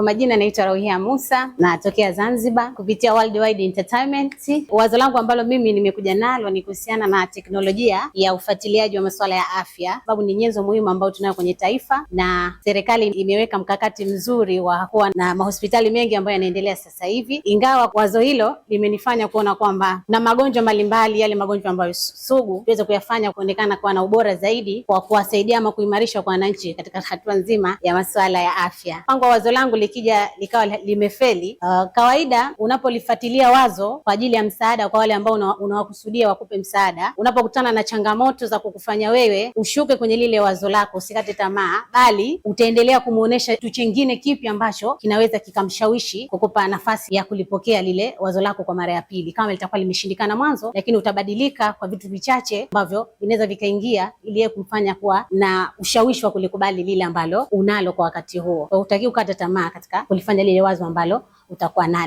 Kwa majina naitwa Rauhia Musa, natokea Zanzibar kupitia Worldwide Entertainment. Wazo langu ambalo mimi nimekuja nalo ni kuhusiana na teknolojia ya ufuatiliaji wa masuala ya afya, sababu ni nyenzo muhimu ambayo tunayo kwenye taifa, na serikali imeweka mkakati mzuri wa kuwa na mahospitali mengi ambayo yanaendelea sasa hivi, ingawa wazo hilo limenifanya kuona kwamba na magonjwa mbalimbali, yale magonjwa ambayo sugu tuweze kuyafanya kuonekana kuwa na ubora zaidi kwa kuwasaidia ama kuimarisha kwa wananchi katika hatua nzima ya masuala ya afya. Pango wazo langu likija likawa limefeli. Uh, kawaida unapolifuatilia wazo kwa ajili ya msaada kwa wale ambao unawakusudia wakupe msaada, unapokutana na changamoto za kukufanya wewe ushuke kwenye lile wazo lako, usikate tamaa, bali utaendelea kumuonesha kitu chengine kipi ambacho kinaweza kikamshawishi kukupa nafasi ya kulipokea lile wazo lako kwa mara ya pili. Kama litakuwa limeshindikana mwanzo, lakini utabadilika kwa vitu vichache ambavyo vinaweza vikaingia ili kumfanya kuwa na ushawishi wa kulikubali lile ambalo unalo kwa wakati huo. Hutaki ukata tamaa katika kulifanya lile wazo ambalo utakuwa nalo.